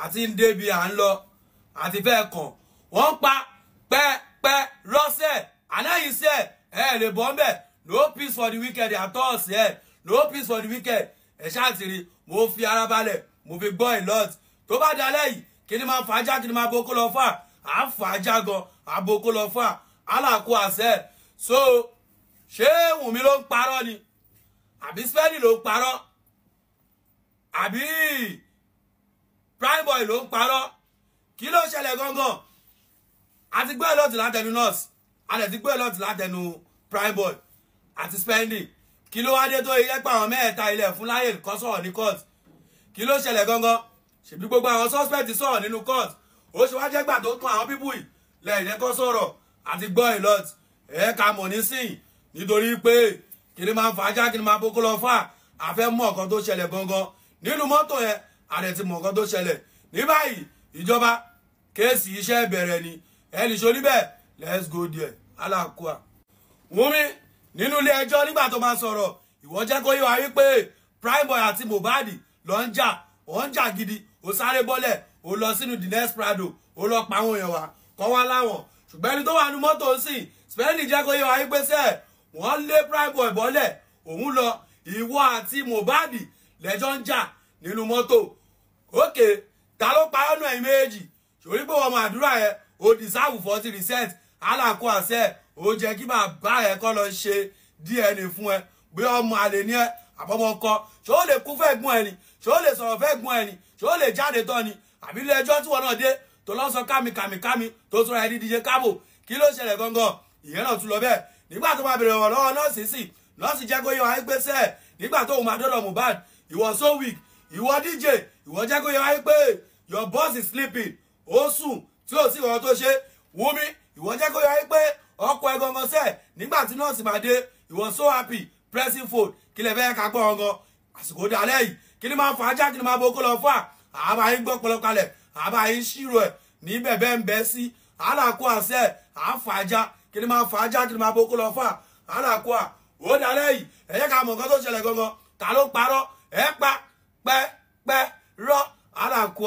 àti ń débi à ń lọ àti bẹ́ẹ̀ kàn wọ́n ń pa pẹ́pẹ́ rọ́ṣẹ̀ anáyíṣẹ́ ẹ̀ lè bọ́ ń bẹ̀ no peace for the weekend, wicked àtọ́ọ̀sì ẹ̀ no peace for the wicked ẹ̀ ṣáàtìrì mo fi ara balẹ̀ mo fi gbọ́ ìlọ́t tó bá dalẹ̀ yìí kí ni máa fàájà kí ni máa boko lọ fà á fàájà gan àboko lọ fà aláàkó àṣẹ so ṣé Wùmí ló ń parọ́ ni àbí spẹ́ni ló ń parọ́ àbí prime boy ló ń parọ́ kí ló ń ṣẹlẹ̀ gangan àti gbé lọ́ọ̀tì látẹnu nurse àti ẹ̀tí gbé lọ́ọ̀tì látẹnu prime boy àti spending kí ló wá dé tó ilé pa àwọn mẹ́ẹ̀ta ilẹ̀ fún láyè kan sọ̀rọ̀ ní court kí ló ṣẹlẹ̀ gangan ṣèbí gbogbo àwọn suspect sọ̀rọ̀ nínú court ó ṣe wá jẹ́ gbà tó kan àwọn pípù lẹ́yìn ẹ̀kọ́ sọ̀rọ̀ àti gbọ́ ìlọ́t ẹ̀ka mọ̀ nísìn nítorí pé kí ni máa fà á já kí ni máa boko lọ fà á fẹ́ mọ̀ ọ̀kan tó ṣẹlẹ̀ gangan nínú mọ́tò yẹn ààrẹ ti mọ̀ nǹkan tó ṣẹlẹ̀ ní báyìí ìjọba kéèsì iṣẹ́ bẹ̀rẹ̀ ni ẹnì ṣorí bẹ́ẹ̀ let's go there alákùá. Wúnmi nínú ilé ẹjọ́ nígbà tó máa sọ̀rọ̀ ìwọ jẹ́ kó yé wa wípé Primeboy àti Mohbad lọ ń jà ó ń jà gidi ó sáré bọ́lẹ̀ ó lọ sínú the next prado ó lọ pa àwọn èèyàn wa kọ́ wá láwọn ṣùgbọ́n ẹni tó wà nínú mọ́tò ń sìn spẹ́ndì jẹ́ kó yé wa wípé sẹ́ẹ̀ wọ́n lé Primeboy bọ́lẹ̀ òun lọ ìwọ àti Mohbad lẹ́jọ́ ń jà nínú mọ́tò Okay, ta ló parọ́ nù ẹ̀yìn méjì sórí pé ọmọ àdúrà yẹn o deserve forty percent alákó àṣẹ o jẹ́ kí bàbá ẹ̀ kọ́ lọ ṣe DNA fún ẹ bí ọmọ e ní ẹ àbọ̀mọkọ ṣé ó lè kú fẹ́ gbọ́n ẹ ni ṣé ó lè sọ̀rọ̀ fẹ́ gbọ́n ẹ ni ṣé ó lè jáde tán ni àbí ilé ẹjọ́ tí wọn náà dé tó lọ́sọ kámikàmikàmi tó sọ ẹni díje kábò kí ló ṣẹlẹ̀ gangan ìyẹn náà tún lọ bẹ́ẹ̀ nígbà tó máa bèrè ọ̀rọ̀ nọ́ọ̀sì sì nọ́ọ̀sì jẹ́ kó yọ àìgbésẹ̀ nígbà tó máa dọ́dọ̀ Mohbad he was so weak You ìwọ DJ ìwọ jẹ́ kó yẹ wáyé pé your boss is sleeping ó sùn tí ò sí ìwọ tó ṣe Wumi ìwọ jẹ́ kó yẹ wáyé pé ọkọ̀ ẹ̀ gangan sẹ́ẹ̀ nígbà tí nọ́ọ̀sì máa dé ìwọ so happy pressing phone kí lè fẹ́ ká gbọ́ ọ̀ngàn àsìkò dalẹ̀ yìí kí ni máa fà á já kí ni máa bo kó lọ fà á àbá yín gbọ́ pọlọpalẹ̀ àbá yín ṣírò ẹ̀ ní bẹ̀bẹ̀ ń bẹ́ sí àlàkó àṣẹ àfàjá kí ni máa fàájá kí ni máa bo kó lọ fà àlàkó à ó dalẹ̀ yìí ẹ̀yẹ́ ká mọ̀ nǹkan tó ṣẹlẹ̀ gangan ta ló parọ́ ẹ̀ pa pẹ́ pẹ́ rọ ara nkụ